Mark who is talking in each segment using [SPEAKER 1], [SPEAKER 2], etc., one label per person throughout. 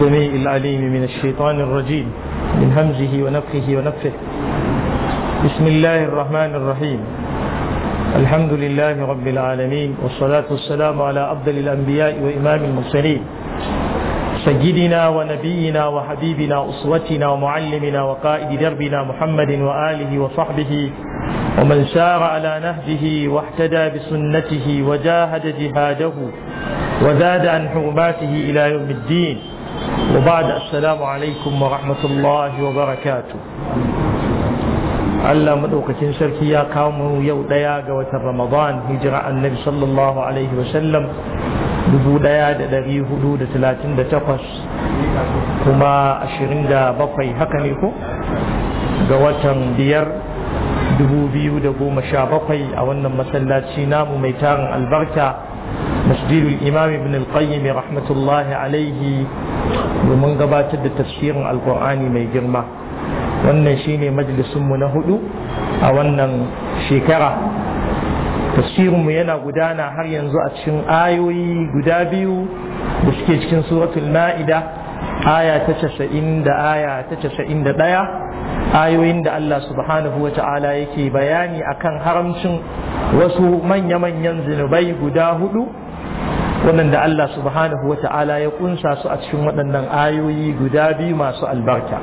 [SPEAKER 1] السميع العليم من الشيطان الرجيم من همزه ونفخه ونفخه بسم الله الرحمن الرحيم الحمد لله رب العالمين والصلاة والسلام على أفضل الأنبياء وإمام المرسلين سيدنا ونبينا وحبيبنا أسوتنا ومعلمنا وقائد دربنا محمد وآله وصحبه ومن سار على نهجه واحتدى بسنته وجاهد جهاده وزاد عن حرماته إلى يوم الدين وبعد السلام عليكم ورحمة wa barakatu. Allah maɗaukacin sarki ya kawo mu yau ɗaya ga watan Ramadan hijira annabi sallallahu alaihi wasallam dubu ɗaya da ɗari hudu da talatin da takwas kuma ashirin da bakwai haka ne ko ga watan biyar dubu biyu da goma sha bakwai a wannan masallaci namu mai tarin albarka مسجد الإمام ابن القيم رحمة الله عليه ومن قبات تفسير القرآن من جرمة wannan shine majalisunmu na hudu a wannan shekara tafsirinmu yana gudana har yanzu a cikin ayoyi guda biyu da suke cikin suratul ma'ida aya ta casa'in da aya ta casa'in da ɗaya ayoyin da Allah subhanahu wa ta'ala yake bayani akan haramcin wasu manya-manyan zinubai guda hudu waɗanda Allah subhanahu wa ta'ala ya kunsa su a cikin waɗannan ayoyi guda biyu masu albarka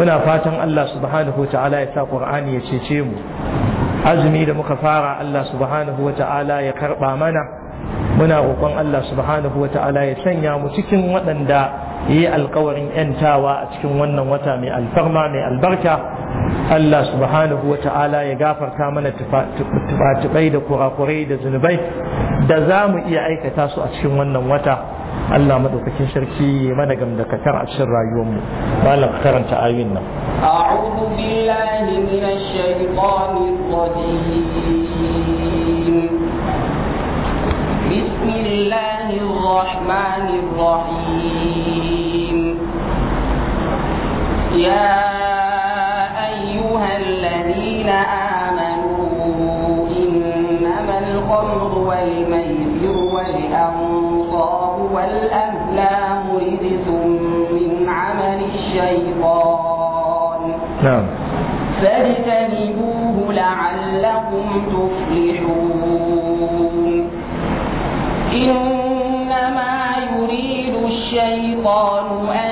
[SPEAKER 1] muna fatan Allah subhanahu wa ta'ala ya sa Qur'ani ya cece mu azumi da muka fara Allah subhanahu wa ta'ala ya karɓa mana muna roƙon Allah subhanahu wa ta'ala ya sanya mu cikin waɗanda yi alkawarin ‘yantawa a cikin wannan wata mai alfarma mai albarka Allah subhanahu wa ta'ala ya gafarta mana tufatubai da kurakurai da zunubai da za mu iya aikata su a cikin wannan wata Allah madaukakin sarki ya mana gamdakatar a cikin rayuwarmu malam karanta ayoyin nan
[SPEAKER 2] بسم الله الرحمن الرحيم يا أيها الذين آمنوا إنما الخمر والميسر والأنصاب والأزلام رجس من عمل الشيطان نعم فاجتنبوه لعلكم تفلحون إنما يريد الشيطان أن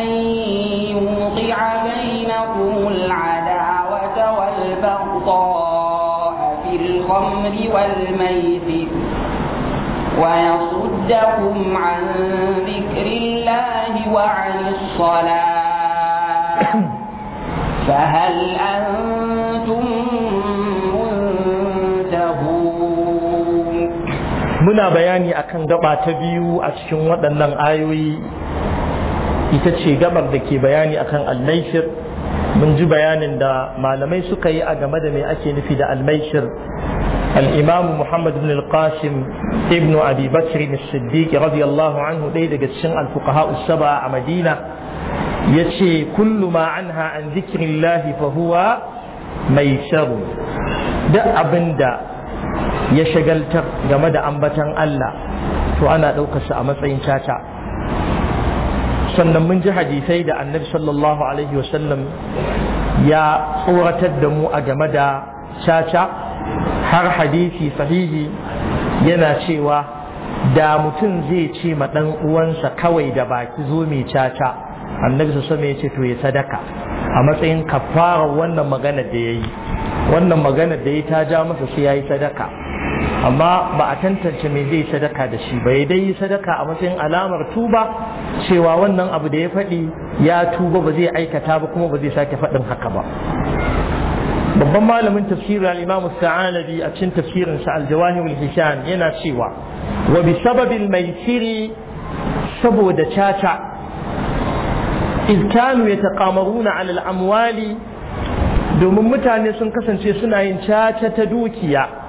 [SPEAKER 2] البغاء في الخمر والميسر ويصدكم عن ذكر الله وعن الصلاة فهل أنتم منتهون
[SPEAKER 1] muna bayani akan gaba ta biyu a cikin waɗannan ayoyi ita ce gabar da ke bayani akan allaifir mun ji bayanin da malamai suka yi a game da me ake nufi da almaishir الإمام محمد بن القاسم ابن أبي بكر الصديق رضي الله عنه ليلة قد الفقهاء السبعة مدينة يشي كل ما عنها عن ذكر الله فهو ميسر دا أبن دا يشغل تق جمد أنبتا ألا وأنا لو كسأمت عين شاشا sannan mun ji hadisai da annabi sallallahu alaihi wasallam ya tsoratar da mu a game da caca har hadisi sahihi yana cewa da mutum zai ce ma ɗan uwansa kawai da baki zo mai caca annabi sallallahu ya ce to ya sadaka a matsayin kafara wannan magana da ya yi wannan magana da ya ta ja masa sai ya yi sadaka amma ba a tantance mai zai sadaka da shi ba ya dai yi sadaka a matsayin alamar tuba cewa wannan abu da ya faɗi ya tuba ba zai aikata ba kuma ba zai sake faɗin haka ba babban malamin tafsirin al-imamu sa'alabi a cikin tafsirin sa al-jawahir al-hisham yana cewa wa bi sababil maisiri saboda caca iz kanu yataqamaruna ala al-amwali domin mutane sun kasance suna yin caca ta dukiya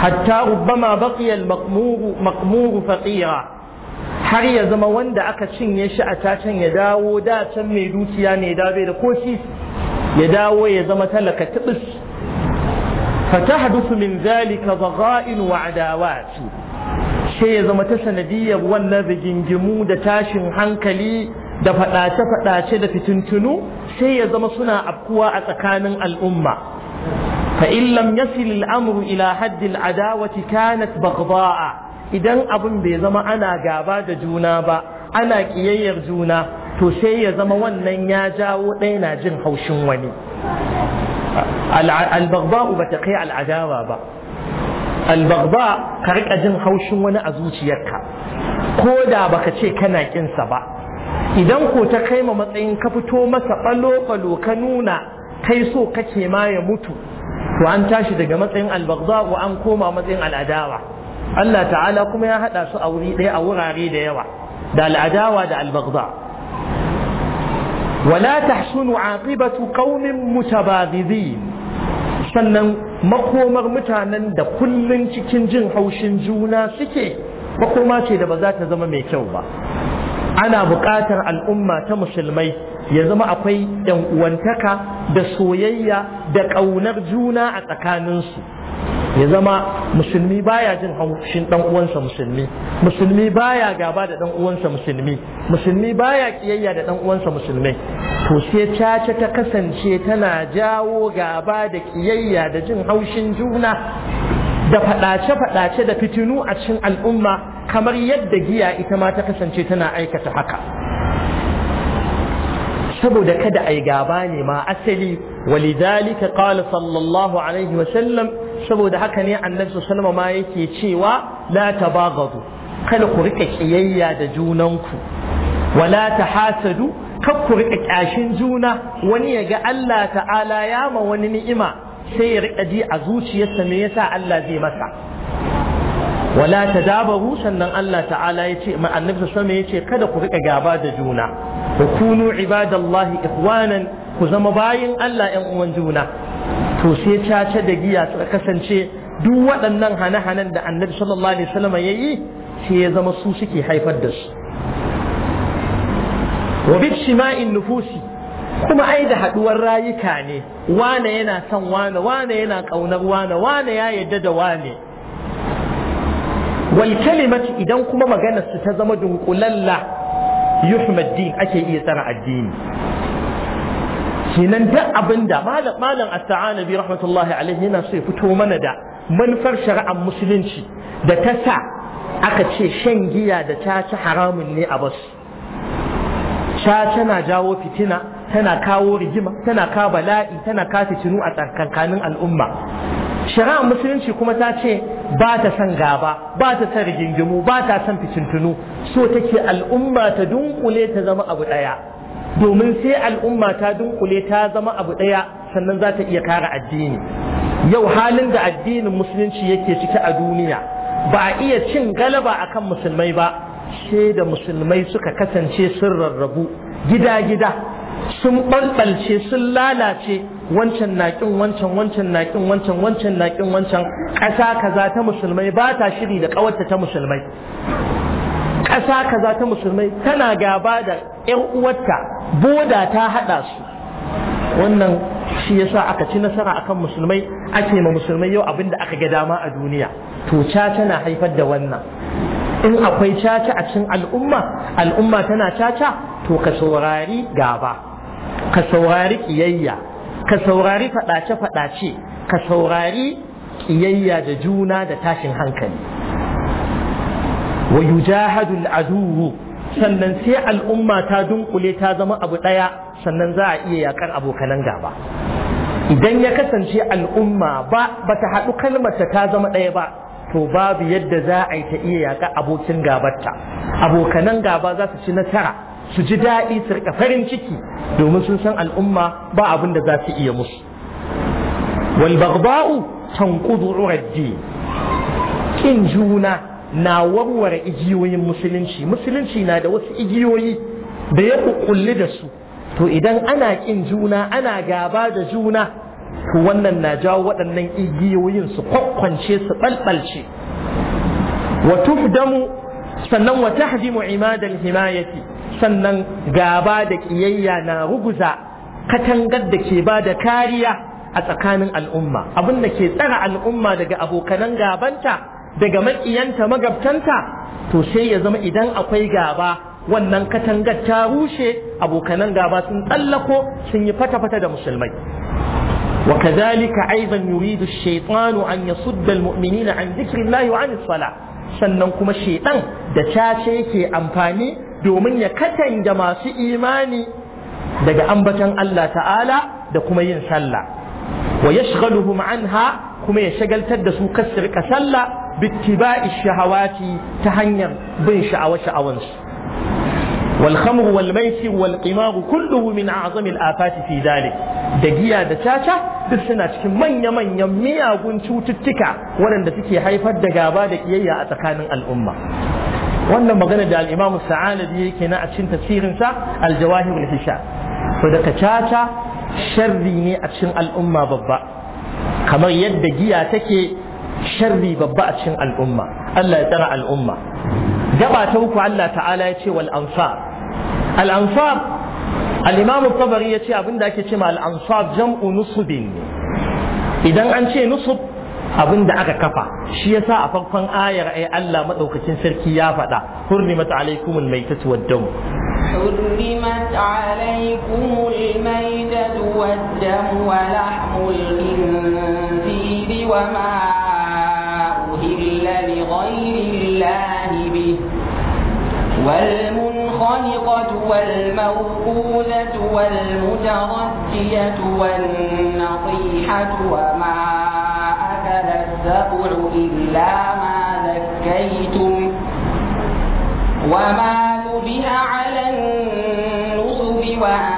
[SPEAKER 1] hatta rubbama baqiya al-maqmuru maqmuru faqira har ya zama wanda aka cinye shi a tacen ya dawo da can mai dukiya ne da bai da koshi ya dawo ya zama talaka tibis fatahdusu min zalika dhagha'in wa adawat sai ya zama ta sanadiyar wannan rigingimu da tashin hankali da faɗace-faɗace da fitintunu sai ya zama suna afkuwa a tsakanin al'umma فإن لم يصل الأمر إلى حد العداوة كانت بغضاء idan abin bai zama ana gaba da juna ba ana ƙiyayyar juna to sai ya zama wannan ya jawo ɗaya na jin haushin wani albagba ba ta kai al'adawa ba albagba ka riƙa jin haushin wani a zuciyarka ko da baka ce kana ƙinsa ba idan ko ta kai ma matsayin ka fito masa ɓalo-ɓalo ka nuna kai so kake ma ya mutu to an tashi daga matsayin albagda wa an koma matsayin al'adawa Allah ta'ala kuma ya hada su a wuri daya a wurare da yawa da al'adawa da albagda wala tahsunu aqibatu qaumin mutabadidin sannan makomar mutanen da kullun cikin jin haushin juna suke makoma ce da ba za ta zama mai kyau ba ana buƙatar al'umma ta musulmai ya zama akwai ‘yan uwantaka da soyayya da ƙaunar juna a tsakaninsu ya zama musulmi baya jin haushin dan uwansa musulmi musulmi baya gaba da dan uwansa musulmi musulmi baya ƙiyayya da dan uwansa musulmi to sai caca ta kasance tana jawo gaba da ƙiyayya da jin haushin juna da fadace-fadace da fitinu a cikin al'umma kamar yadda giya ita ma ta kasance tana aikata haka saboda kada yi gaba ne ma asali walidhalika qala sallallahu alaihi wa sallam saboda haka ne annabi sallallahu ma yake cewa la tabaghadu kada ku rika kiyayya da junanku wala tahasadu kar ku rika kyashin juna wani ya ga Allah ta'ala ya ma wani ni'ima sai ya rika ji a zuciyarsa me yasa Allah zai masa wala ta dabaru sannan Allah ta'ala ya ce annabi sama ya ce kada ku rika gaba da juna ku kunu ibadallahi ikhwanan ku zama bayin Allah ƴan uwan juna to sai caca da giya ta kasance duk waɗannan hane-hanen da annabi sallallahu alaihi wasallam ya yi sai ya zama su suke haifar da su wa bi shima'in nufusi kuma ai da haɗuwar rayuka ne wane yana son wane wane yana ƙaunar wane wane ya yadda da wane wal kalimatu idan kuma maganar su ta zama dunkulalla yuhmad din ake iya tsara addini kenan duk abinda malam malam as-sa'anabi rahmatullahi alaihi yana so ya fito mana da manufar shari'ar musulunci da ta sa aka ce shan giya da caca haramun ne a basu caca na jawo fitina tana kawo rigima tana ka bala'i tana kasa cinu a tsakankanin al'umma shari'ar musulunci kuma ta ce ba ta son gaba ba ta son rigingimu ba ta son fitintunu so take al'umma ta dunkule ta zama abu ɗaya domin sai al'umma ta dunkule ta zama abu ɗaya sannan za ta iya kare addini yau halin da addinin musulunci yake ciki a duniya ba a iya cin galaba akan musulmai ba sai da musulmai suka kasance sun rarrabu gida-gida sun ɓalɓalce sun lalace wancan naƙin wancan wancan naƙin wancan wancan naƙin wancan ƙasa kaza ta musulmai ba ta shiri da ƙawarta ta musulmai ƙasa kaza ta musulmai tana gaba da ƴan uwarta boda ta haɗa su wannan shi yasa aka ci nasara akan musulmai ake ma musulmai yau abin da aka ga dama a duniya to caca na haifar da wannan in akwai caca a cikin al'umma al'umma tana caca to ka saurari gaba ka saurari ƙiyayya ka saurari faɗace-faɗace ka saurari ƙiyayya da juna da tashin hankali wa yujahadul aduwu sannan sai al'umma ta dunkule ta zama abu ɗaya sannan za a iya yakar abokanan gaba idan ya kasance al'umma ba ba ta haɗu kalmarta ta zama ɗaya ba to babu yadda za a yi ta iya yaƙa abokin gabarta abokanan gaba za su ci nasara su ji daɗi su rika farin ciki domin sun san al'umma ba abin da za su iya musu wal baghda'u tanqudu uraddi kin juna na warware igiyoyin musulunci musulunci na da wasu igiyoyi da ya kulli da su to idan ana kin juna ana gaba da juna to wannan na jawo waɗannan igiyoyin su kwakwance su ɓalɓalce wa tufdamu sannan wa tahdimu imadal himayati sannan gaba da ƙiyayya na ruguza katangar da ke ba da kariya a tsakanin al'umma abin da ke tsara al'umma daga abokanan gabanta daga maƙiyanta magabtanta to sai ya zama idan akwai gaba wannan katangar ta rushe abokanan gaba sun tsallako sun yi fata-fata da musulmai وكذلك أيضا يريد الشيطان أن يصد المؤمنين عن ذكر الله وعن الصلاة sannan kuma shaitan da cace ke amfani domin ya katanga masu imani daga ambatan Allah ta'ala da kuma yin sallah wa yashghaluhum anha kuma ya shagaltar da su kasar ka sallah bittiba'i shahawati ta hanyar bin sha'awa sha'awansu wal khamr wal maisir wal qimar kulluhu min a'zam al afat fi dalik da giya da caca duk suna cikin manya manyan miyagun cututtuka waɗanda suke haifar da gaba da kiyayya a tsakanin al'umma wannan magana da al-Imam yake na a cin tafsirin sa al-Jawahir al-Hisha to daga caca sharri ne a cin al'umma babba kamar yadda giya take sharri babba a cin al'umma Allah ya tsara al'umma gaba ta uku Allah ta'ala ya ce wal ansar al Tabari ya ce abin da ake ce ma al jam'u nusubin idan an ce nusub abin da aka kafa shi yasa a farkon ayar ai Allah madaukakin sarki ya faɗa hurrimat alaikumul maitatu wad-dam
[SPEAKER 2] حرمت عليكم الميتة والدم ولحم الخنزير وما أهل لغير الله به والمنخنقة والموقوذة والمتردية والنطيحة وما السبع إلا ما ذكيتم وما نبئ على النصب وأن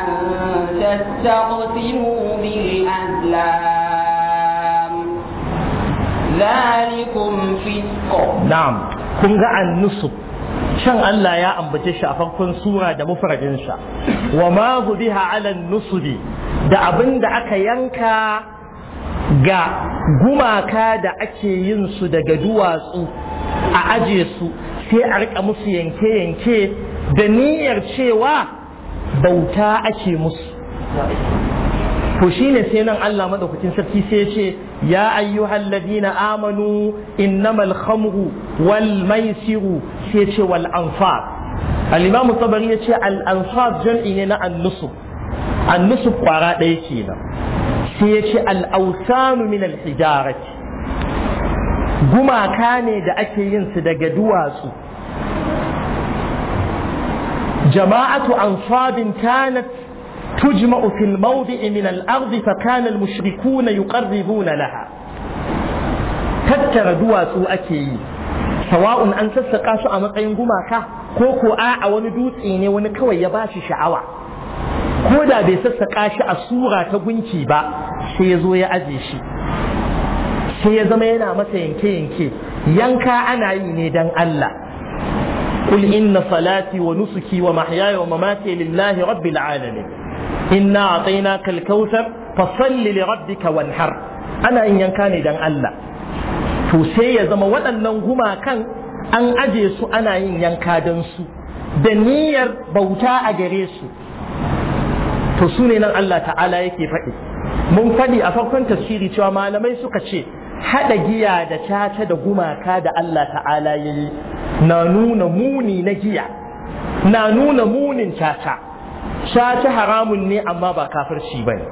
[SPEAKER 2] تستقسموا بالأزلام
[SPEAKER 1] ذلكم فسق نعم kun ga annusub shan Allah ya ambaci shi a farkon sura da mufradin sa wa ma biha ala nusubi da abin da aka yanka ga gumaka da ake yin su daga duwatsu a aje su sai a rika musu yanke-yanke da niyyar cewa bauta ake musu to shine sai nan Allah madaukakin sarki sai ya ce ya ayyuhal ladina amanu innamal khamru wal maisiru sai ya ce wal anfar al-imam tabari ya ce al anfar jam'i ne na an-nusub an-nusub kwara ɗaya kenan sai ya ce al'ausanu min al-hijarati gumaka ne da ake yin su daga duwatsu jama'atu ansabin kanat تجمع في الموضع من الأرض فكان المشركون يقربون لها tattara duwatsu ake yi sawa'un an sassaka su a matsayin gumaka ko ko a wani dutse ne wani kawai ya bashi sha'awa ko da bai sassaka shi a sura ta gunki ba sai ya zo ya aje shi sai ya zama yana masa yanke-yanke yanka ana yi ne don Allah قل إن صلاتي ونسكي ومحياي ومماتي لله رب العالمين إنا أعطيناك الكوثر فصل لربك وانحر أنا إن ينكاني دان الله فسي زما ودن هما كان أن أجيسو أنا إن ينكادنسو da niyyar bauta a gare su to su ne nan Allah ta'ala yake faɗi mun faɗi a farkon tafsiri cewa malamai suka ce haɗa giya da caca da gumaka da Allah ta'ala ya yi na nuna muni na giya na nuna munin caca caca haramun ne amma ba kafirci ba ne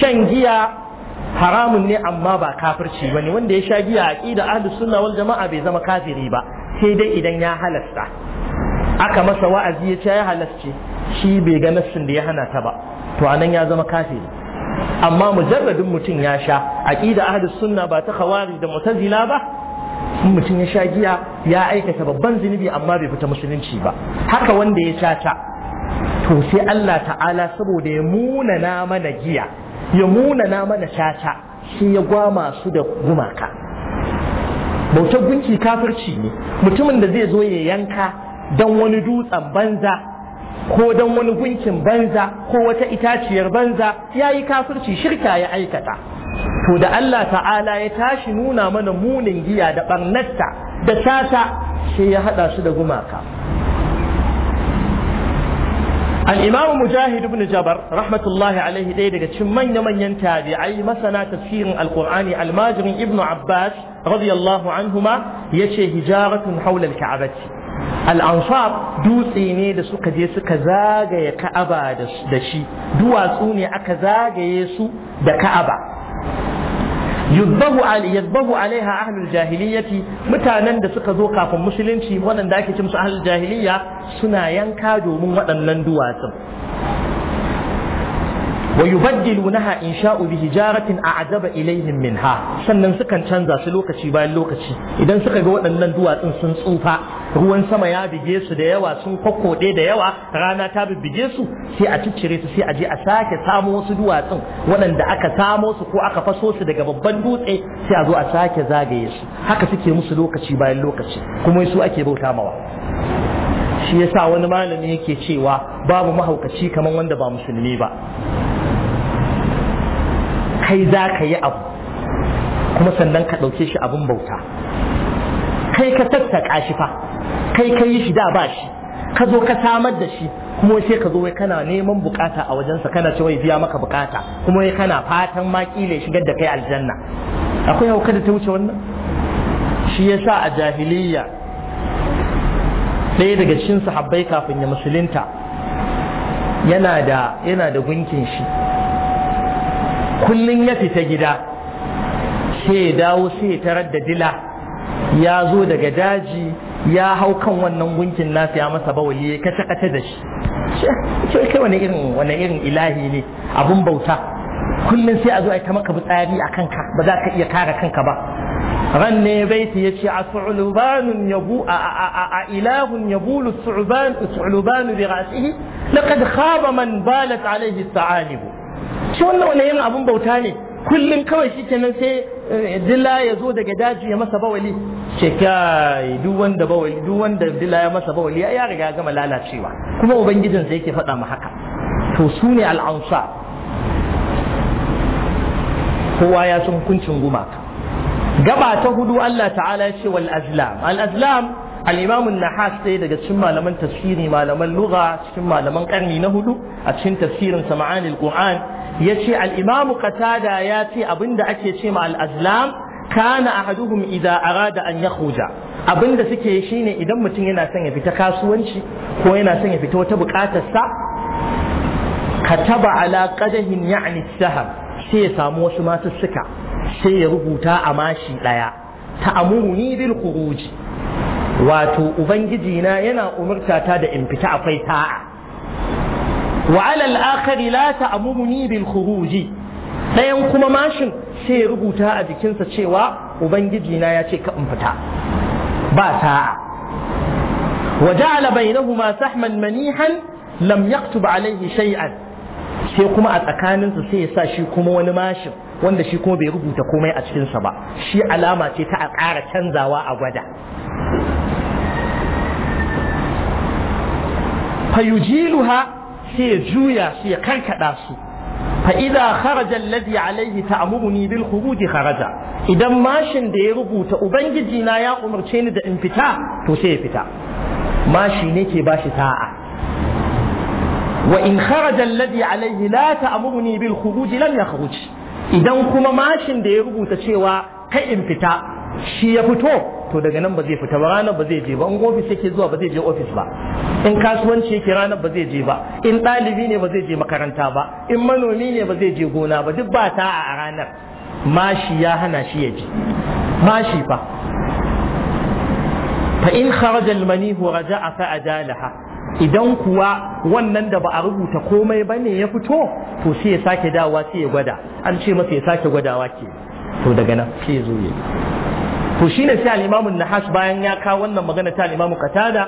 [SPEAKER 1] shan giya haramun ne amma ba kafirci ba ne wanda ya sha giya a ƙida ahlus sunna wal jama'a bai zama kafiri ba sai dai idan ya halasta aka masa wa'azi ya ce ya halasce shi bai ga nassin da ya hana ta ba to anan ya zama kafiri amma mujarradin mutum ya sha aqida ahlus sunna ba ta khawari da mu'tazila ba in mutum ya sha giya ya aikata babban zunubi amma bai fita musulunci ba haka wanda ya sha ta to sai Allah ta'ala saboda ya munana mana giya ya munana mana caca shi ya gwama su da gumaka bautar gunki kafirci ne mutumin da zai zo ya yanka Dan wani dutsen banza ko don wani gunkin banza ko wata itaciyar banza ya yi kafirci shirka ya aikata to da Allah ta'ala ya tashi nuna mana munin giya da barnatta da sata sai ya hada su da gumaka al-imamu mujahid ibn jabar rahmatullahi alaihi ɗaya daga cikin manya-manyan tabi'ai masana tafsirin alqur'ani almajirin ibn abbas radiyallahu anhuma yace hijaratun haula al-ka'bati al'ansar dutse ne da suka je suka zagaye ka'aba da shi duwatsu ne aka zagaye su da ka'aba yadbahu alaiha ahlul jahiliyyati mutanen da suka zo kafin musulunci waɗanda ake cin su ahlul jahiliyya suna yanka domin waɗannan duwatsun sha إن شاء a أعجب إليهم Minha sannan sukan canza su lokaci bayan lokaci idan suka ga waɗannan duwatsun sun tsufa ruwan sama ya bige su da yawa sun kokode da yawa rana ta bige su sai a ciccire su sai a je a sake samo wasu duwatsun waɗanda aka samo su ko aka faso su daga babban dutse sai a zo a sake zagaye su haka suke musu lokaci bayan lokaci kuma su ake bauta mawa shi yasa wani malami yake cewa babu mahaukaci kamar wanda ba musulmi ba kai za ka yi abu kuma sannan ka ɗauke shi abin bauta kai ka tattaka shi fa kai ka yi shi da ba shi ka zo ka samar da shi kuma sai ka zo wai kana neman bukata a wajensa kana cewa biya maka bukata kuma wai kana fatan ma kile shigar da kai aljanna akwai hauka da ta wuce wannan shi yasa a jahiliyya ɗaya daga cikin sahabbai kafin ya musulunta yana da yana da gunkin shi kullum ya fita gida sai dawo sai tarar da dila ya zo daga daji ya hau kan wannan gunkin nasa ya masa bawali ya kace kace da shi kai wani irin wani irin ilahi ne abun bauta kullum sai a zo a ta maka fitsari a kanka ba za ka iya kare kanka ba ran ne baiti ya ce a su'ulubanun yabu a ilahun yabulu su'ulubanu bi ra'sihi laqad khaba man balat alaihi sa'alibu shi wannan wani yin abun bauta ne kullum kawai shi kenan sai eh, dila ya zo daga daji ya masa bawali ce kai duk wanda bawali duk wanda dila ya masa bawali ya riga ya gama lalacewa kuma ubangijinsa yake faɗa mu haka to su ne al'ansa kowa ya san hukuncin gumaka gaba ta hudu Allah ta'ala ya ce wal azlam al azlam al-imam nahas sai daga cikin malaman tafsiri malaman lugha cikin malaman karni na hudu a cikin tafsirin sa ma'anil qur'an yace al-imam qatada ya ce abinda ake ce ma al-azlam kana ahaduhum idza arada an yakhruja abinda suke shine idan mutum yana son ya fita kasuwanci ko yana son ya fita wata bukatar sa kataba ala qadahin ya'ni sahab sai ya samu wasu masussuka sai ya rubuta a mashi ɗaya ta'amuni bil khuruji wato ubangiji na yana umarta ta da in fita akwai ta'a wa alal akhari la ta'mumuni bil khuruji ɗayan kuma mashin sai rubuta a jikinsa cewa ubangiji na ya ce ka in fita ba sa'a wa ja'ala ma sahman manihan lam yaktub alaihi shay'an sai kuma a tsakaninsa sai ya sa shi kuma wani mashin wanda shi kuma bai rubuta komai a cikinsa ba shi alama ce ta a ƙara canzawa a gwada fayujiluha sai ya juya su ya karkada su fa idza kharaja alladhi alayhi ta'muruni bil khuruj kharaja idan mashin da ya rubuta ubangiji na ya umarce ni da in fita to sai ya fita mashi ne ke bashi ta'a. wa in kharaja alladhi alayhi la ta'muruni bil khuruj lam yakhruj idan kuma mashin da ya rubuta cewa kai in fita shi ya fito to daga nan ba zai fita ba ranar ba zai je ba in ofis yake zuwa ba zai je ofis ba in kasuwanci yake ranar ba zai je ba in ɗalibi ne ba zai je makaranta ba in manomi ne ba zai je gona ba duk ba ta a ranar mashi ya hana shi ya je mashi fa fa in kharaja almanihu raja'a fa ajalaha idan kuwa wannan da ba a rubuta komai ba ya fito to sai ya sake dawa sai ya gwada an ce masa ya sake gwadawa ke to daga nan sai zo ya to shine sai al-Imam bayan ya kawo wannan magana ta al katada?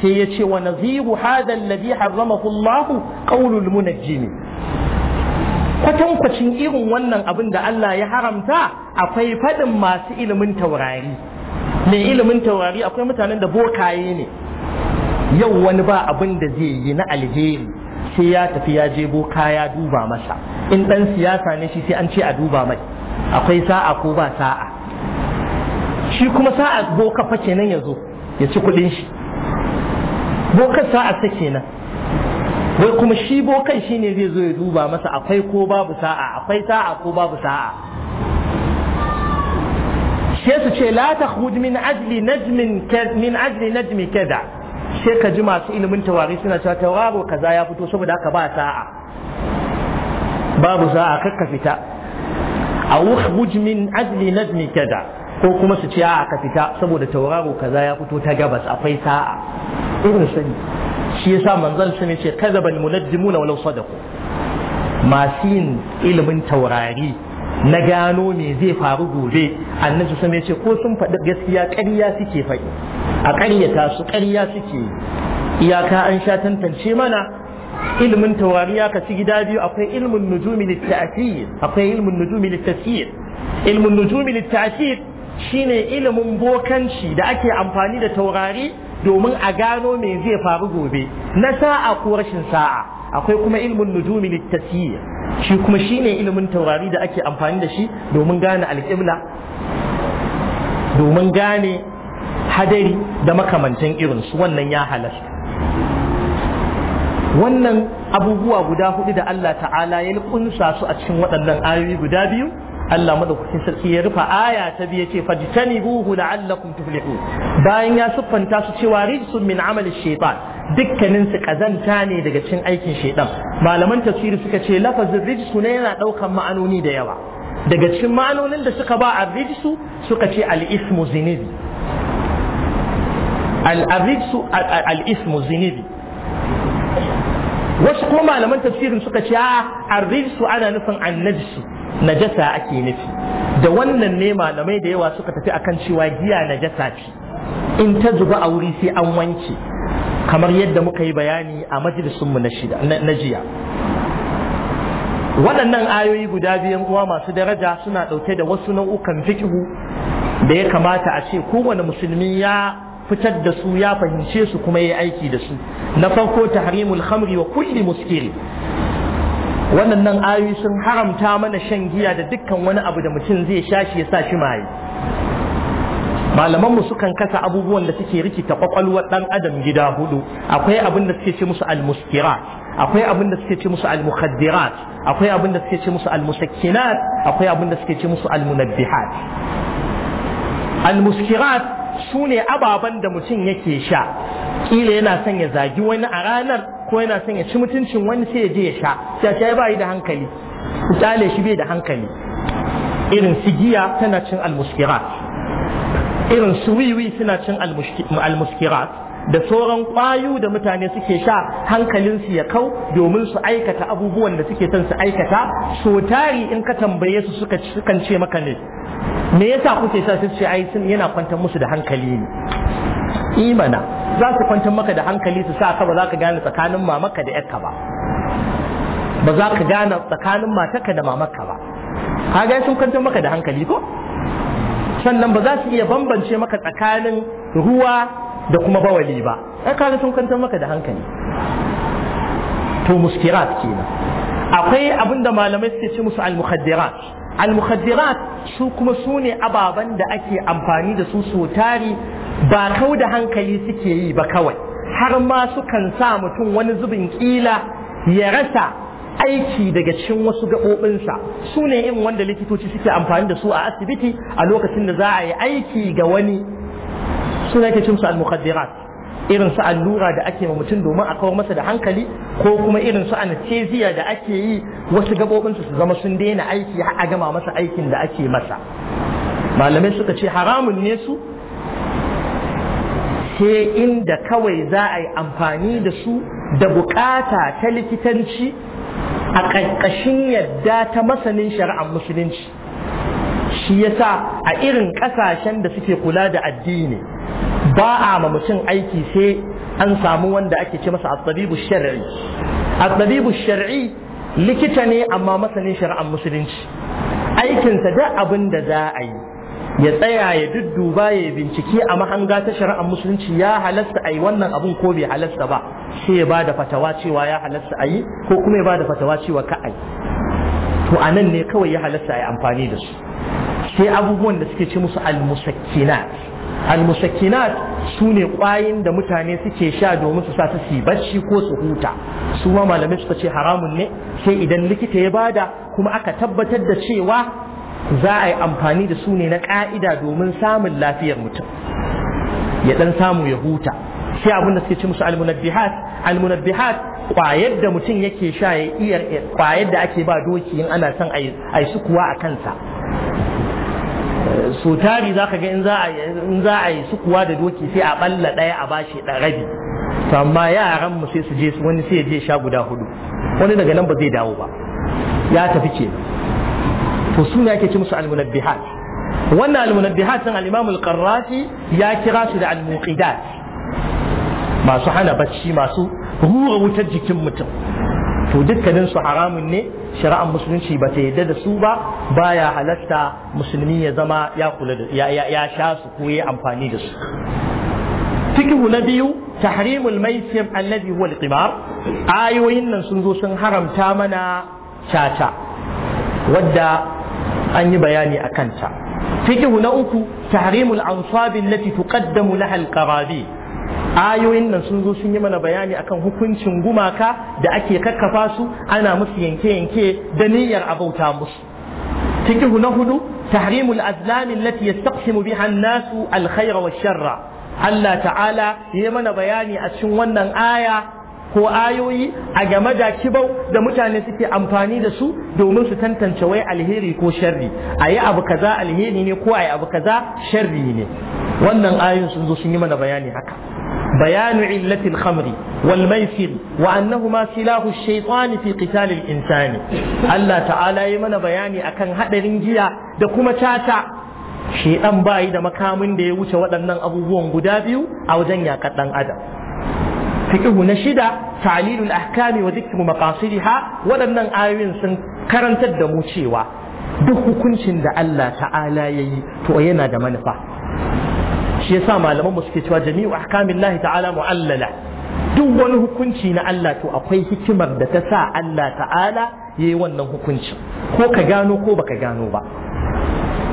[SPEAKER 1] sai ya ce wa naziru hadha alladhi harramahu Allah qawlul munajjim kwatankwacin irin wannan abin da Allah ya haramta akwai fadin masu ilimin taurari mai ilimin taurari akwai mutanen da bokaye ne yau wani ba abin da zai yi na alheri sai ya tafi ya je boka ya duba masa in dan siyasa ne shi sai an ce a duba mai akwai sa'a ko ba sa'a shi kuma sa'a boka fa kenan ya zo ya ci kuɗin shi bokar sa'a ta kenan wai kuma shi bokan shi ne zai zo ya duba masa akwai ko babu sa'a akwai sa'a ko babu sa'a shi su ce la ta min ajli najmin min ajli najmi kada sai ka ji masu ilimin tawari suna cewa tawaro kaza ya fito saboda haka ba sa'a babu sa'a kakka fita a wukhruj min ajli najmi kada ko kuma su ce a ka fita saboda tauraro kaza ya fito ta gabas akwai sa'a irin sani shi yasa manzon sun ce kadabal munajjimuna walau sadaqu masu yin ilimin taurari na gano me zai faru gobe annabi sun ce ko sun faɗi gaskiya ƙarya suke faɗi a ƙaryata su ƙarya suke iyaka an sha tantance mana ilimin taurari ya kaci gida biyu akwai ilimin nujumi littafiyir akwai ilimin nujumi littafiyir ilimin nujumi littafiyir shine ilimin bokanci da ake amfani da taurari domin a gano me zai faru gobe na sa'a ko rashin sa'a akwai kuma ilmin nujumi littasiyya shi kuma shine ilimin taurari da ake amfani da shi domin gane alƙibla domin gane hadari da makamantan irinsu wannan ya halasta wannan abubuwa guda hudu da Allah ta'ala ya kunsa su a cikin waɗannan ayoyi guda biyu Allah madaukakin sarki ya rufa aya ta biye ce fajtanibuhu la'allakum tuflihun bayan ya siffanta su cewa rijsun min amali shaytan dukkanin su kazanta ne daga cikin aikin shaytan malaman tafsiri suka ce lafazin rijsu ne yana daukan ma'anoni da yawa daga cikin ma'anonin da suka ba ar-rijsu suka ce al-ismu zinibi al-rijsu al-ismu zinibi wasu kuma malaman tafsirin suka ce a rijsu ana nufin annabisu najasa ake nufi da wannan ne malamai da yawa suka tafi akan cewa giya najasa ce in ta zuba a wuri sai an wanke kamar yadda muka yi bayani a majalisunmu na shida na jiya waɗannan ayoyi guda biyan uwa masu daraja suna ɗauke da wasu nau'ukan fikihu da ya kamata a ce kowane musulmi ya fitar da su ya fahimce su kuma ya aiki da su na farko tahrimul khamri wa kulli muskiri waɗannan ayoyi sun haramta mana shan giya da dukkan wani abu da mutum zai sha shi ya sa shi maye malamanmu sukan kasa abubuwan da suke rikita kwakwalwar ɗan adam gida hudu akwai abin da suke ce musu almuskirat akwai abin da suke ce musu almukaddirat akwai abin da suke ce musu almusakkinat akwai abin da suke ce musu almunabbihat almuskirat su ne ababen da mutum yake sha kila yana son ya zagi wani a ranar ko yana son ya ci mutuncin wani sai ya je ya sha sai ya ba da hankali misali shi bai da hankali irin su giya tana cin almuskirat irin su wiwi suna cin almuskira. da sauran kwayo da mutane suke sha hankalinsu ya kau domin su aikata abubuwan da suke son su aikata so tari in ka tambaye su sukan ce maka ne me yasa kuke sa su ce ai sun yana kwantar musu da hankali ne imana za su kwantar maka da hankali su sa ka ba za ka gane tsakanin mamaka da yarka ba ba za ka gane tsakanin matarka da mamaka ba ka ga sun kwantar maka da hankali ko sannan ba za su iya bambance maka tsakanin ruwa da kuma bawali ba ai ga sun kwantar maka da hankali to muskirat kenan akwai abinda malamai suke ce musu al-mukhaddirat al su kuma sune ne ababen da ake amfani da su so ba kau da hankali suke yi ba kawai har ma sukan sa mutum wani zubin kila ya rasa aiki daga cikin wasu gaɓoɓinsa su ne in wanda likitoci suke amfani da su a asibiti a lokacin da za a yi aiki ga wani suna ke cin su irin su allura da ake ma mutum domin a kawo masa da hankali ko kuma irin su anesthesia da ake yi wasu gabobinsu su zama sun daina aiki a gama masa aikin da ake masa malamai suka ce haramun ne su sai inda kawai za a yi amfani da su da bukata ta likitanci a ƙarƙashin yadda ta masanin shari'ar musulunci shi yasa a irin ƙasashen da suke kula da addini ba a ma mutum aiki sai an samu wanda ake ce masa at-tabibu shar'i at shar'i likita ne amma masanin shari'ar musulunci aikinsa da abin da za a yi ya tsaya ya dudduba ya bincike a mahanga ta shari'ar musulunci ya halasta a yi wannan abun ko bai halasta ba sai ya ba da fatawa cewa ya halasta a yi ko kuma ya ba da fatawa cewa ka a yi to a nan ne kawai ya halasta a yi amfani da su sai abubuwan da suke ce musu al-musakkinat almusakinat su ne ƙwayin da mutane suke sha domin su sa su bacci ko su huta su ma malamai suka ce haramun ne sai idan likita ya bada kuma aka tabbatar da cewa za a yi amfani da su ne na ƙa'ida domin samun lafiyar mutum ya dan samu ya huta sai abin da suke ce musu almunabbihat almunabbihat kwayar da mutum yake sha ya iya kwayar da ake ba doki in ana son a yi sukuwa a kansa so tari za ka ga in za a yi sukuwa da doki sai a balla ɗaya a bashi ɗan rabi to amma yaran mu sai su je wani sai ya je sha guda hudu wani daga nan ba zai dawo ba ya tafi ce. to su ne ake ci musu almunabbihat wannan almunabbihat din al-imam al ya kira su da al masu hana bacci masu rura wutar jikin mutum to dukkanin su haramun ne shari'ar musulunci ba ta yadda da su ba baya halatta musulmi ya zama ya kula da ya ya sha su ko amfani da su fikihu na biyu tahrimul maisir annabi huwa al ayoyin nan sun zo sun haramta mana caca wadda an yi bayani a kanta fikihu na uku tahrimul ansabi allati tuqaddamu laha al ayoyin nan sun zo sun yi mana bayani akan hukuncin gumaka da ake kakkafa su ana musu yanke-yanke da niyyar abauta musu tikihu na hudu tahrimul azlami ya yastaqsimu biha an-nasu al-khayra wash-sharra Allah ta'ala yi mana bayani a cikin wannan aya ko ayoyi a game da kibau da mutane suke amfani da su domin su tantance wai alheri ko sharri a yi abu kaza alheri ne ko a yi abu kaza sharri ne wannan ayoyin sun zo sun yi mana bayani haka بيان علة الخمر والميسر وأنهما سلاح الشيطان في قتال الإنسان الله تعالى يمن بياني أكن هذا الإنجيا دكما تاتا شيطان بايد مكامن دي وش ودنن أبو بوان قدابيو أو جنيا قدن أدم فقه نشدة تعليل الأحكام وذكر مقاصدها ودنن آيوين سن karantar da mu cewa duk hukuncin da Allah ta'ala ya yi to yana da manufa shi yasa malaman mu suke cewa jami'u ahkamillahi ta'ala mu'allala duk wani hukunci na Allah to akwai hikimar da ta sa Allah ta'ala yayi wannan hukuncin ko ka gano ko baka gano ba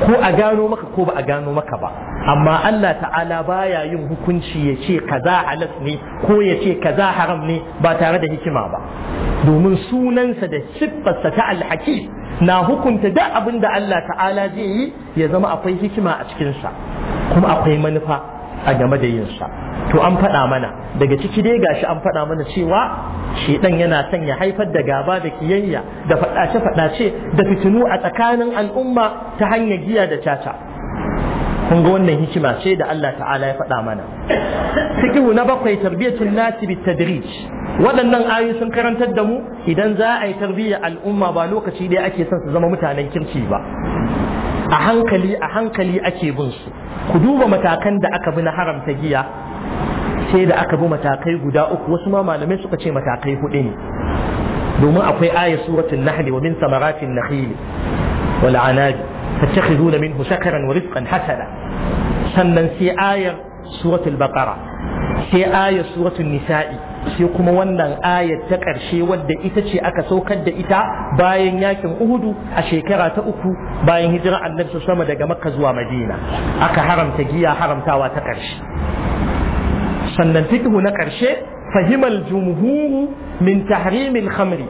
[SPEAKER 1] ko a gano maka ko ba a gano maka ba amma Allah ta'ala baya yin hukunci ya ce kaza halas ne ko ya ce kaza haram ne ba tare da hikima ba domin sunansa da siffarsa ta alhaki na hukunta duk abin da Allah ta'ala zai yi ya zama akwai hikima a cikinsa kuma akwai manufa a game da yin to an faɗa mana daga ciki dai gashi an faɗa mana cewa shi ɗan yana son ya haifar da gaba da kiyayya da faɗace faɗace da fitinu a tsakanin al'umma ta hanyar giya da caca kun ga wannan hikima ce da Allah ta'ala ya faɗa mana fikihu na bakwai tarbiyatul nasi bit tadrij waɗannan ayoyi sun karantar da mu idan za a yi tarbiyyar al'umma ba lokaci dai ake son su zama mutanen kirki ba a hankali a hankali ake bin su ku duba matakan da aka bi na haramta giya sai da aka bi matakai guda uku wasu ma malamai suka ce matakai hudu ne domin akwai ayat suratul nahl wa min samaratin nakhil wal anabi tattakhiduna minhu sakaran wa rizqan hasana sannan sai ayat suratul baqara sai ayat suratul nisa'i sai kuma wannan ayat ta ƙarshe wadda ita ce aka saukar da ita bayan yakin uhudu a shekara ta uku bayan hijirar annabi sama daga makka zuwa madina aka haramta giya haramtawa ta ƙarshe sannan fiqhu na ƙarshe fahimal jumhuru min tahrimil khamri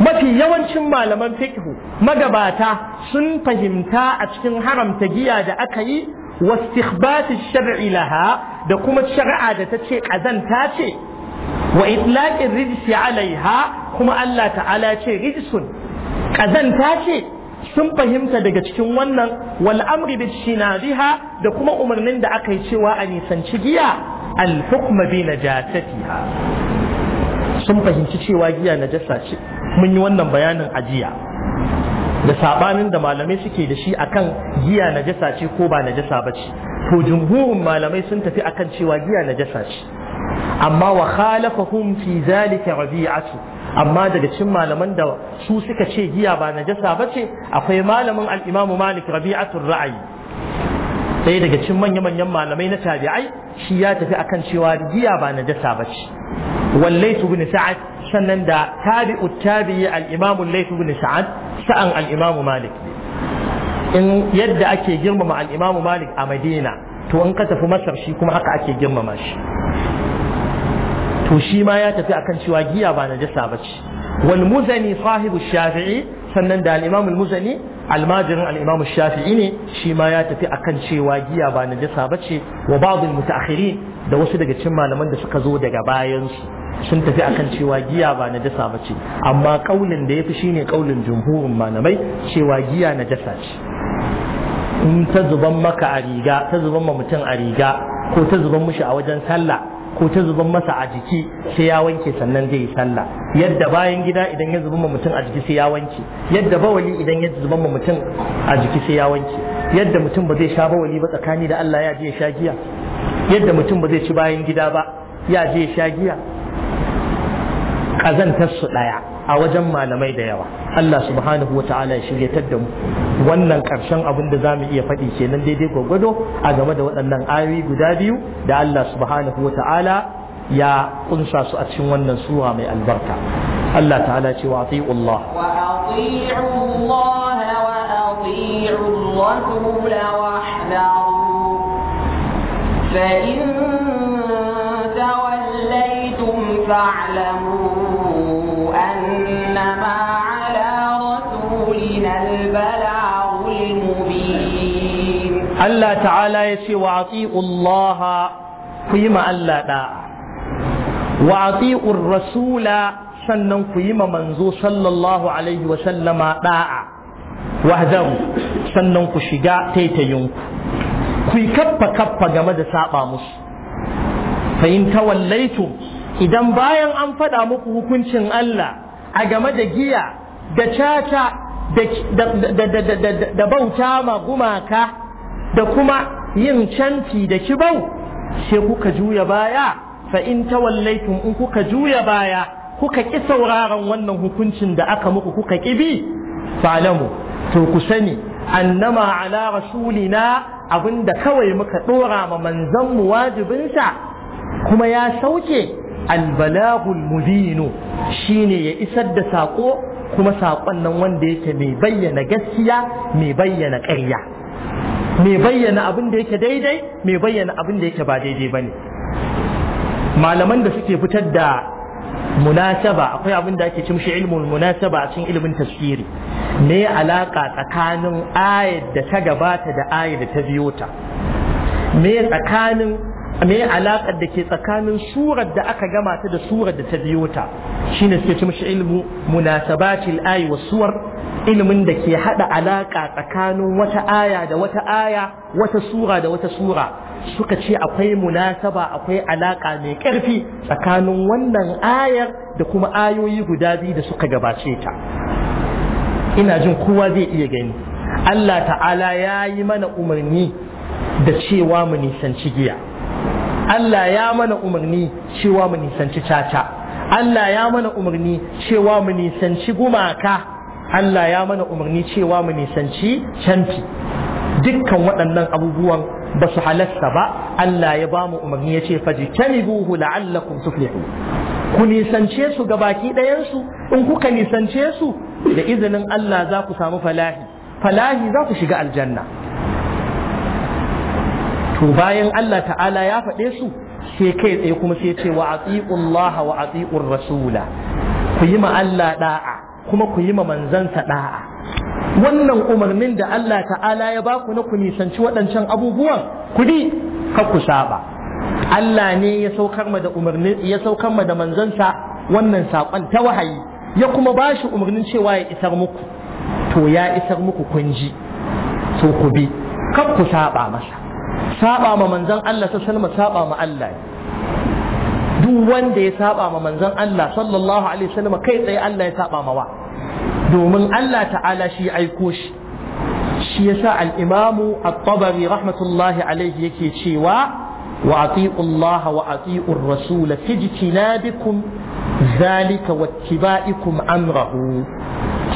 [SPEAKER 1] mafi yawancin malaman fiqhu magabata sun fahimta a cikin haramta giya da aka yi واستخبات الشرع لها da kuma shari'a da ta ce ƙazanta ce wa itlaqir rijsi alaiha kuma Allah ta'ala ce rijsun kazanta ce sun fahimta daga cikin wannan wal amri bi shinadiha da kuma umarnin da aka yi cewa a nisanci giya al hukma bi najasatiha sun fahimci cewa giya najasa ce mun yi wannan bayanin a jiya da sabanin da malamai suke da shi akan giya najasa ce ko ba najasa ba ce to jumhurin malamai sun tafi akan cewa giya najasa ce amma wa khalafahum fi zalika rabi'atu amma daga cikin malaman da su suka ce giya ba najasa bace akwai malamin al-Imam Malik rabi'atul ra'ayi sai daga cikin manya manyan malamai na tabi'ai shi ya tafi akan cewa giya ba najasa bace wallaitu bin sa'ad sannan da tabi'ut tabi'i al-Imam Layth bin Sa'ad sa'an al-Imam Malik in yadda ake girmama al-Imam Malik a Madina to an ka tafi Masar shi kuma haka ake girmama shi to shi ma ya tafi akan cewa giya ba najasa ba ce wal muzani sahibu shafi'i sannan da al-imam al-muzani almajirin al-imam shafi'i ne shi ma ya tafi akan cewa giya ba najasa ba ce wa ba'dul mutaakhirin da wasu daga cikin malaman da suka zo daga bayan su sun tafi akan cewa giya ba najasa ba ce amma kaulin da yafi shine kaulin jumhurin malamai cewa giya najasa ce in ta zuban maka a riga ta zuban ma mutum a riga ko ta zuban mushi a wajen sallah ko ta zuban masa a jiki sai ya wanke sannan zai yi sallah yadda bayan gida idan ya zuban ma mutum a jiki sai ya wanke yadda bawali idan ya zuban ma mutum a jiki sai ya wanke yadda mutum ba zai sha bawali ba tsakani da Allah ya je ya sha giya yadda mutum ba zai ci bayan gida ba ya je ya sha giya ƙazantar su ɗaya a wajen malamai da yawa Allah subhanahu wa ta'ala ya shiryatar da mu wannan ƙarshen abin da za mu iya faɗi kenan daidai gwagwado a game da waɗannan ayoyi guda biyu da Allah subhanahu wa ta'ala ya kunsa su a cikin wannan sura mai albarka Allah ta'ala ce wa ati'u Allah
[SPEAKER 2] wa ati'u Allah wa ati'u الرسول واحذروا فإن توليتم فاعلموا أنما على رسولنا bala.
[SPEAKER 1] Ta'ala ya ce يشي وأطيعوا الله قيمة Allah داعا وأطيعوا rasula sannan ku yi ma manzo sallallahu alaihi wa sallama da'a sannan ku shiga taitayinku ku yi kaffa kaffa game da saba musu fahimta wallaitu idan bayan an faɗa muku hukuncin Allah a game da giya da caca da bauta ma gumaka da kuma yin canfi da kibau sai kuka juya baya fa in tawallaitum in kuka juya baya kuka ki sauraron wannan hukuncin da aka muku kuka kibi falamu to ku sani annama ala rasulina abinda kawai muka dora ma manzanmu wajibinsa kuma ya sauke albalagul mubinu shine ya isar da sako kuma saƙon nan wanda yake mai bayyana gaskiya mai bayyana ƙarya mai bayyana abin da yake daidai mai bayyana abin da yake ba daidai bane. malaman da suke fitar da munasaba akwai abin da ake cimshi ilmin munasaba a cikin ilimin tafsiri ne alaƙa tsakanin ayat da ta gabata da ayat da ta biyo ta me tsakanin me alaƙar da ke tsakanin surar da aka gama ta da surar da ta biyo ta shine suke ce mishi ilmu munasabatil ayi wa suwar ilimin da ke haɗa alaƙa tsakanin wata aya da wata aya wata sura da wata sura suka ce akwai munasaba akwai alaƙa mai ƙarfi tsakanin wannan ayar da kuma ayoyi guda biyu da suka gabace ta ina jin kowa zai iya gani Allah ta'ala ya yi mana umarni da cewa mu nisanci giya Allah ya mana umarni cewa mu nisanci caca Allah ya mana umarni cewa mu nisanci gumaka Allah ya mana umarni cewa mu nisanci canfi dukkan waɗannan abubuwan ba su halasta ba Allah ya ba mu umarni ya ce buhu la'allakum tuflihu ku nisance su ga baki ɗayansu in kuka nisance su da izinin Allah za ku samu falahi falahi za ku shiga aljanna to bayan Allah ta'ala ya faɗe su sai kai tsaye kuma sai ce wa atiqullaha wa atiqur rasula ku yi ma Allah da'a kuma ku yi ma manzansa da'a wannan umarnin da Allah ta'ala ya baku na ku nisanci waɗancan abubuwan ku bi ka ku saba Allah ne ya saukar ma da umarnin ya saukar ma da manzansa wannan saƙon ta wahayi ya kuma ba shi umarnin cewa ya isar muku to ya isar muku kun ji so ku bi kan ku saba masa saba ma manzon Allah ta salma saba ma Allah duk wanda ya saba ma manzon Allah sallallahu alaihi wasallam kai tsaye Allah ya saba ma wa domin Allah ta'ala shi aiko shi shi yasa al-imamu at-tabari rahmatullahi alaihi yake cewa wa ati'u Allah wa ati'u ar-rasul fi jitinabikum zalika wattiba'ikum amrahu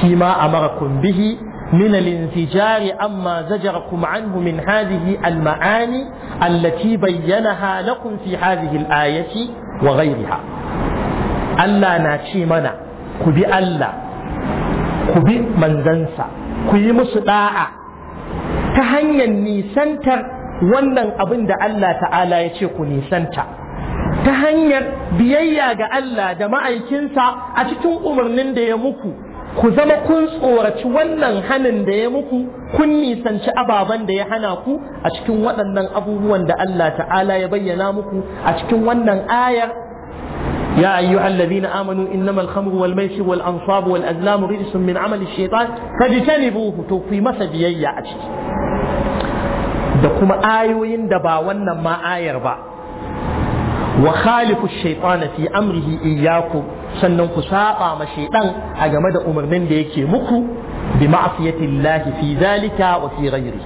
[SPEAKER 1] kima amarakum bihi من الانفجار عما زجركم عنه من هذه المعاني التي بينها لكم في هذه الآية وغيرها ألا ناشي منا كبي ألا كبي من زنسا كبي مصداعة كهنيا نيسانتر wannan abin da Allah ta'ala ya ce ku nisanta ta hanyar biyayya ga Allah da ma'aikinsa a cikin umarnin da ya muku ku zama kun tsoraci wannan hanin da ya muku kun nisanci ababen da ya hana ku a cikin waɗannan abubuwan da Allah ta'ala ya bayyana muku a cikin wannan ayar يا أيها الذين آمنوا إنما الخمر والميسر والأنصاب والأزلام رجس من عمل الشيطان فاجتنبوه توفي مسجيي يا أجل دقم آيوين دبا ونما آير با وخالف الشيطان في أمره إياكم sannan ku saba ma shaidan a game da umarnin da yake muku bi ma'siyatillahi fi zalika wa fi ghairi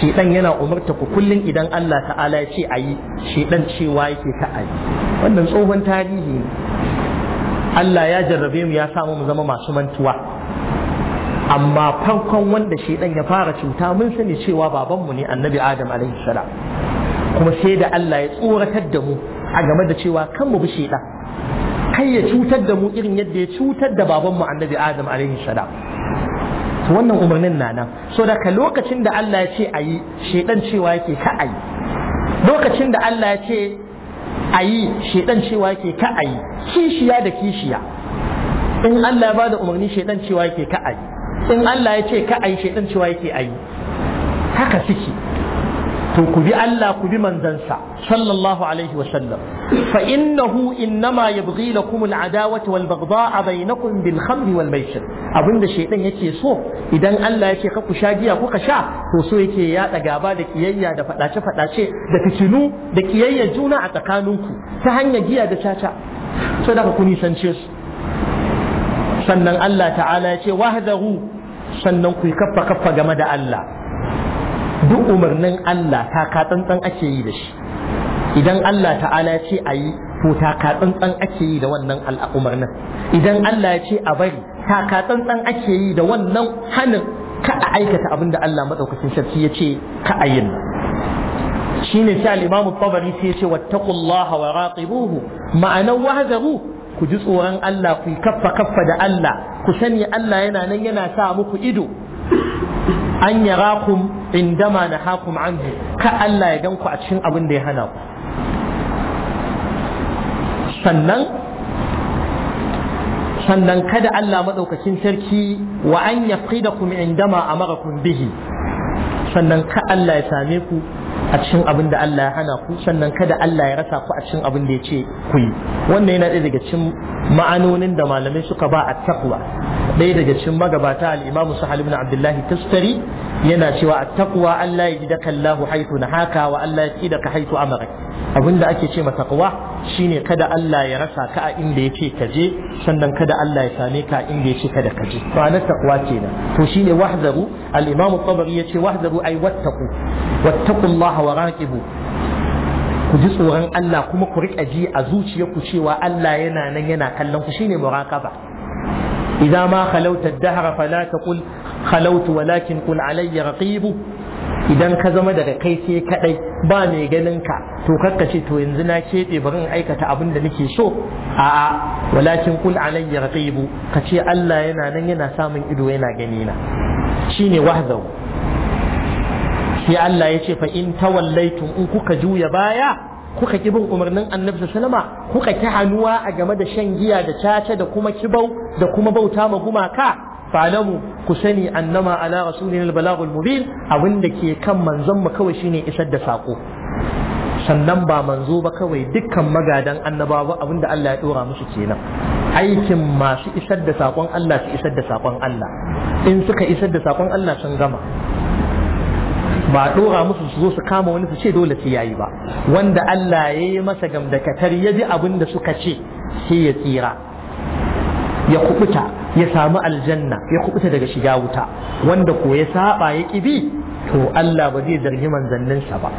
[SPEAKER 1] shaidan yana umarta ku kullun idan Allah ta'ala ya ce ayi shaidan cewa yake ta ayi wannan tsohon tarihi ne Allah ya jarrabe mu ya samu mu zama masu mantuwa amma farkon wanda shaidan ya fara cuta mun sani cewa babanmu ne annabi adam alaihi salam kuma sai da Allah ya tsoratar da mu a game da cewa kan mu bi shaidan kai ya cutar da mu irin yadda ya cutar da babanmu annabi adam alaihi salam wannan umarnin na nan so daga lokacin da Allah ya ce ayi shedan cewa yake ka ayi lokacin da Allah ya ce ayi shedan cewa yake ka ayi kishiya da kishiya in Allah ya bada umarni shedan cewa yake ka ayi in Allah ya ce ka ayi shedan cewa yake ayi haka suke to ku bi Allah ku bi manzansa sallallahu alaihi wa sallam fa innahu innama yabghi lakum al'adawata wal baghda'a bainakum bil khamri wal maisir abinda shaytan yake so idan Allah yake ka ku sha giya kuka sha to so yake ya gaba da kiyayya da fadace fadace da fitinu da kiyayya juna a tsakaninku ta hanyar giya da caca so da ku nisance su sannan Allah ta'ala ya ce wahdahu sannan ku kaffa kaffa game da Allah duk umarnin Allah ta ka tsantsan ake yi da shi idan Allah ta'ala ce a yi ko ta ka ake yi da wannan umarnin idan Allah ya ce a bari ta ka ake yi da wannan hanin ka a aikata abin da Allah madaukakin sarki ya ce ka a yin Shi sai sa imam tabari sai ya ce wattaqullaha wa raqibuhu ma'anan wahzaru ku ji tsoron Allah ku kaffa kaffa da Allah ku sani Allah yana nan yana sa muku ido an yarakum indama nahakum anhu ka Allah ya ganku a cikin abin da ya hana ku sannan sannan kada Allah madaukakin sarki wa an yaqidakum indama amarakum bihi sannan ka Allah ya same ku a cikin abin da Allah ya hana ku sannan kada Allah ya rasa ku a cikin abin da ya ce ku yi wannan yana ɗaya daga cikin ma'anonin da malamai suka ba a taqwa ɗaya daga cikin magabata al-Imam Abdullahi ibn Abdullah Tastari yana cewa attaqwa Allah ya jidaka Allah haythu nahaka wa Allah ya kidaka haythu amarak abinda ake ce mata shine kada Allah ya rasa ka a inda yake ka je sannan kada Allah ya same ka a inda yake kada ka je ma'anar taqwa kenan to shine wahdaru al-imam at-tabari yace wahdaru ay wattaqu wattaqullaha wa raqibu ku ji tsoron Allah kuma ku riƙa ji a zuciyarku cewa Allah yana nan yana kallon ku shine muraqaba إذا ما خلوت الدهر فلا تقل خلوت ولكن قل علي رقيب idan ka zama daga kai sai kadai ba mai ganin ka to kakka ce to yanzu na keɓe bari in aikata abin da nake so a'a walakin kul alayya raqibu ka ce Allah yana nan yana samun ido yana gani na shine wahzau sai Allah ya ce fa in tawallaitum in kuka juya baya kuka ki bin umarnin annabi sallama kuka ki hannuwa a game da shan giya da caca da kuma kibau da kuma bauta ma gumaka falamu ku sani annama ala rasulina balagul mubin abinda ke kan manzon mu kawai shine isar da sako sannan ba manzo ba kawai dukkan magadan annabawa abinda Allah ya dora musu kenan aikin masu isar da sakon Allah su isar da sakon Allah in suka isar da sakon Allah sun gama ba dora musu su zo su kama wani su ce dole sai yayi ba wanda Allah ya yi masa gamdakatar ya ji abin da suka ce sai ya tsira ya kubuta ya samu aljanna ya kubuta daga shiga wuta wanda ko ya saba ya kibi to Allah ba zai zargi manzanninsa ba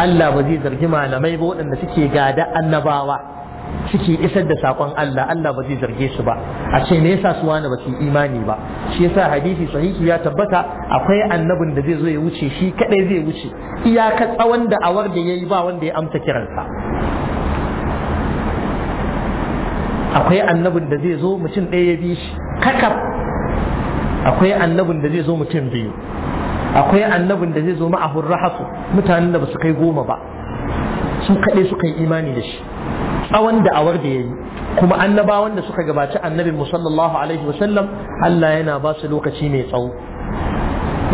[SPEAKER 1] Allah ba zai zargi malamai ba waɗanda suke gada annabawa suke isar da sakon Allah Allah ba zai zarge su ba a ce me yasa su wani ba su imani ba shi yasa hadisi sahihi ya tabbata akwai annabin da zai zo ya wuce shi kadai zai wuce iyaka tsawon da awar da yayi ba wanda ya amsa kiransa akwai annabin da zai zo mutum ɗaya ya bi shi kakaf akwai annabin da zai zo mutum biyu akwai annabin da zai zo ma'ahun rahasu mutanen da ba su kai goma ba su kaɗai suka yi imani da shi tsawon da'awar da yi kuma annabawan da suka gabaci annabin mu sallallahu alaihi wasallam Allah yana ba su lokaci mai tsawo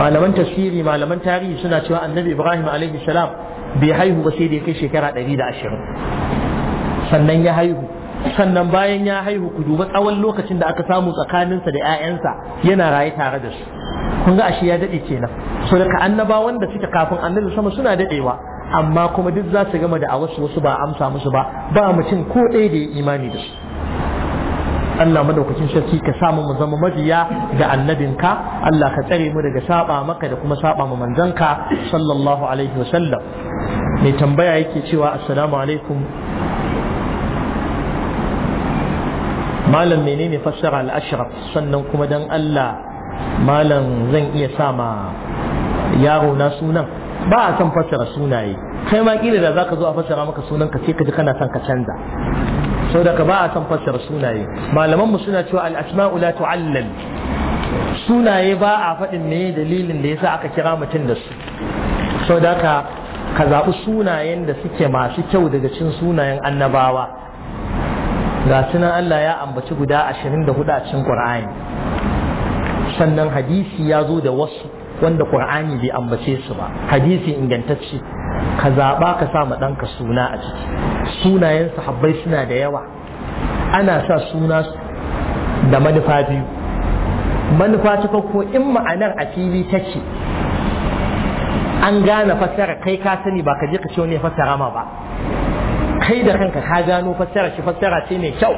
[SPEAKER 1] malaman tafsiri malaman tarihi suna cewa annabi Ibrahim alaihi salam bai haihu ba sai da ya kai shekara 120 sannan ya haihu sannan bayan ya haihu ku duba tsawon lokacin da aka samu tsakaninsa da 'ya'yansa yana raye tare da su kun ga ashe ya daɗe kenan so daga annabawan da suke kafin annabi sama suna daɗewa amma kuma duk za su gama da a wasu wasu ba amsa musu ba ba mutum ko ɗaya da ya yi imani da su Allah madaukakin sarki ka samu mu zama mabiya da annabinka Allah ka tsare mu daga saba maka da kuma saba mu manzanka sallallahu alaihi wa sallam. mai tambaya yake cewa assalamu alaikum malam menene fassara al-ashraf sannan kuma dan Allah malam zan iya sama yaro na sunan ba a son fassara sunaye kai ma kila da zaka zo a fassara maka sunan ka sai ka ji kana son ka canza saboda daga ba a son fassara sunaye malaman mu suna cewa al-asma'u la tu'allal sunaye ba a faɗin me dalilin da yasa aka kira mutum da su saboda ka ka zaɓi sunayen da suke masu kyau daga cikin sunayen annabawa ga sunan Allah ya ambaci guda da 24 a cikin Qur'ani sannan hadisi ya zo da wasu wanda qur'ani bai ambace su ba hadisi ingantacce ka zaɓa ka sa ma ɗanka suna a ciki sunayen sahabbai suna da yawa ana sa suna da manufa biyu manufa ta farko in ma'anar a fili ce an gane fassara kai ka sani ba ka je ka ce wani fassara ma ba kai da kanka ka gano fassara shi fassara ce mai kyau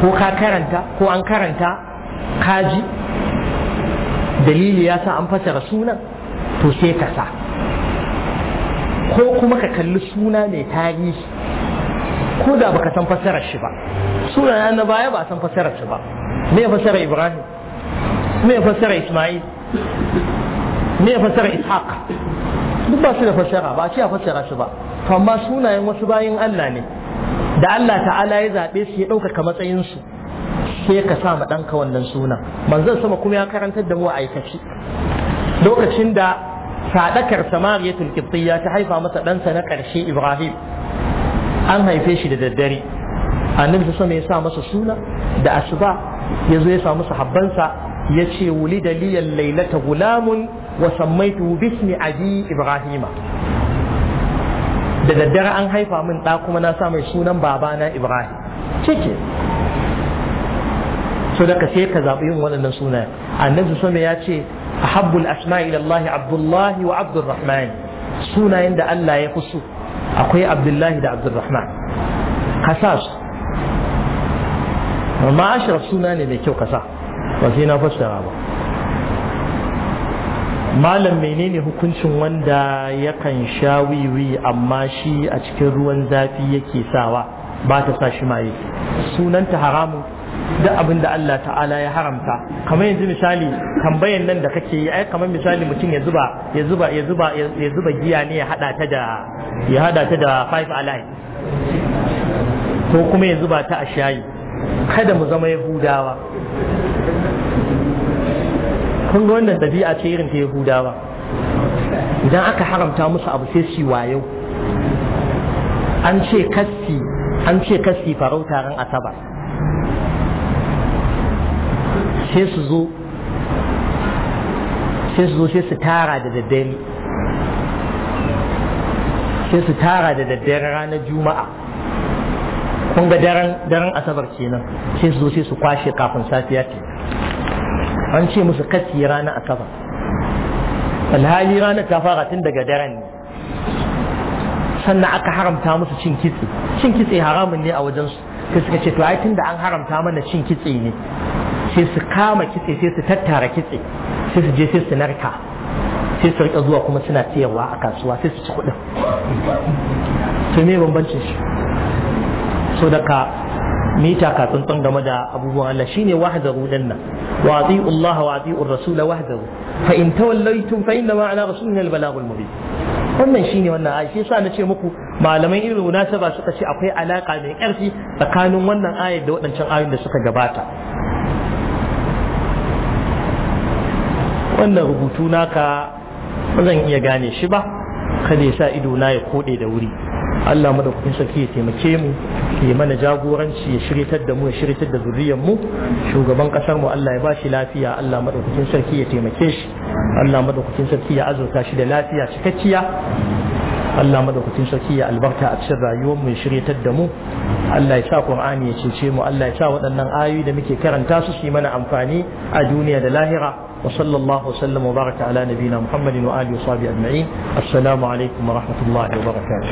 [SPEAKER 1] ko ka karanta ko an karanta kaji dalili ya sa an fasara sunan to sai ka sa ko kuma ka kalli suna mai tarihi ko da baka san fassarar shi ba suna na baya ba san fassarar shi ba me ya fasara ibrahim me ya fasara isma'il me ya fasara ishaq duk ba su da fasara ba a ce a fasara shi ba to amma sunayen wasu bayin allah ne da allah ta'ala ya zaɓe su ya ɗaukaka matsayinsu sai ka sa ma ɗanka wannan sunan manzon sama kuma ya karantar da mu aikaci lokacin da sadakar samariyatul qibtiyya ta haifa masa ɗansa na ƙarshe ibrahim an haife shi da daddare annabi sama ya sa masa suna da asuba ya zo ya samu sahabbansa ya ce wuli daliyan lailata gulamun wa sammaitu bismi abi ibrahima da daddare an haifa min ɗa kuma na sa mai sunan babana ibrahim cike so daga sai ka zaɓi yin waɗannan sunaye annabi sama ya ce ahabbul asma'i lillahi abdullahi wa abdurrahman sunayen da Allah ya fi so akwai abdullahi da abdurrahman ka sa su amma ashraf suna ne mai kyau ka sa ba sai na fassara ba malam menene hukuncin wanda yakan sha wiwi amma shi a cikin ruwan zafi yake sawa ba ta sa shi maye sunanta haramun duk abin da Allah ta'ala ya haramta kamar yanzu misali tambayan nan da kake yi ai kamar misali mutum ya zuba ya zuba ya zuba ya zuba giya ne ya hada ta da ya hada ta da five alive ko kuma ya zuba ta a shayi kada mu zama yahudawa kun ga wannan dabi'a ce irin ta yahudawa idan aka haramta musu abu sai su wayo an ce kassi an ce kassi farauta ran asabar sai su zo sai su zo sai su tara da daddare sai su tara da daddare ranar juma'a kun ga daren asabar kenan sai su zo sai su kwashe kafin safiya ke an ce musu kasi rana asabar alhali ranar ta fara tun daga daren ne sannan aka haramta musu cin kitse cin kitse haramun ne a wajensu sai suka ce to ai tun da an haramta mana cin kitse ne sai su kama kitse sai su tattara kitse sai su je sai su narka sai su rika zuwa kuma suna sayarwa a kasuwa sai su ci kuɗin to me bambancin shi so daga mita ka tsantsan game da abubuwan Allah shine wahdaru din nan wa ati'u Allah wa ati'u rasula wahdaru fa in tawallaytum fa inna ma'ana rasulina al-balagul mubin wannan shine wannan ayi shi yasa na ce muku malaman irin munasaba suka ce akwai alaka mai karfi tsakanin wannan ayar da waɗancan ayoyin da suka gabata wannan rubutu naka ba zan iya gane shi ba kada ya sa ido na ya koɗe da wuri Allah mu kuɗin sarki ya taimake mu ya mana jagoranci ya shirya da mu ya shirya da zuriyar mu shugaban kasar mu Allah ya bashi lafiya Allah mu kuɗin sarki ya taimake shi Allah mu kuɗin sarki ya azurta shi da lafiya cikakkiya Allah kuɗin sarki ya albarka a cikin rayuwar mu ya shirya da mu Allah ya sa Qur'ani ya cece mu Allah ya sa waɗannan ayoyi da muke karanta su su yi mana amfani a duniya da lahira وصلى الله وسلم وبارك على نبينا محمد وآله وصحبه أجمعين السلام عليكم ورحمة الله وبركاته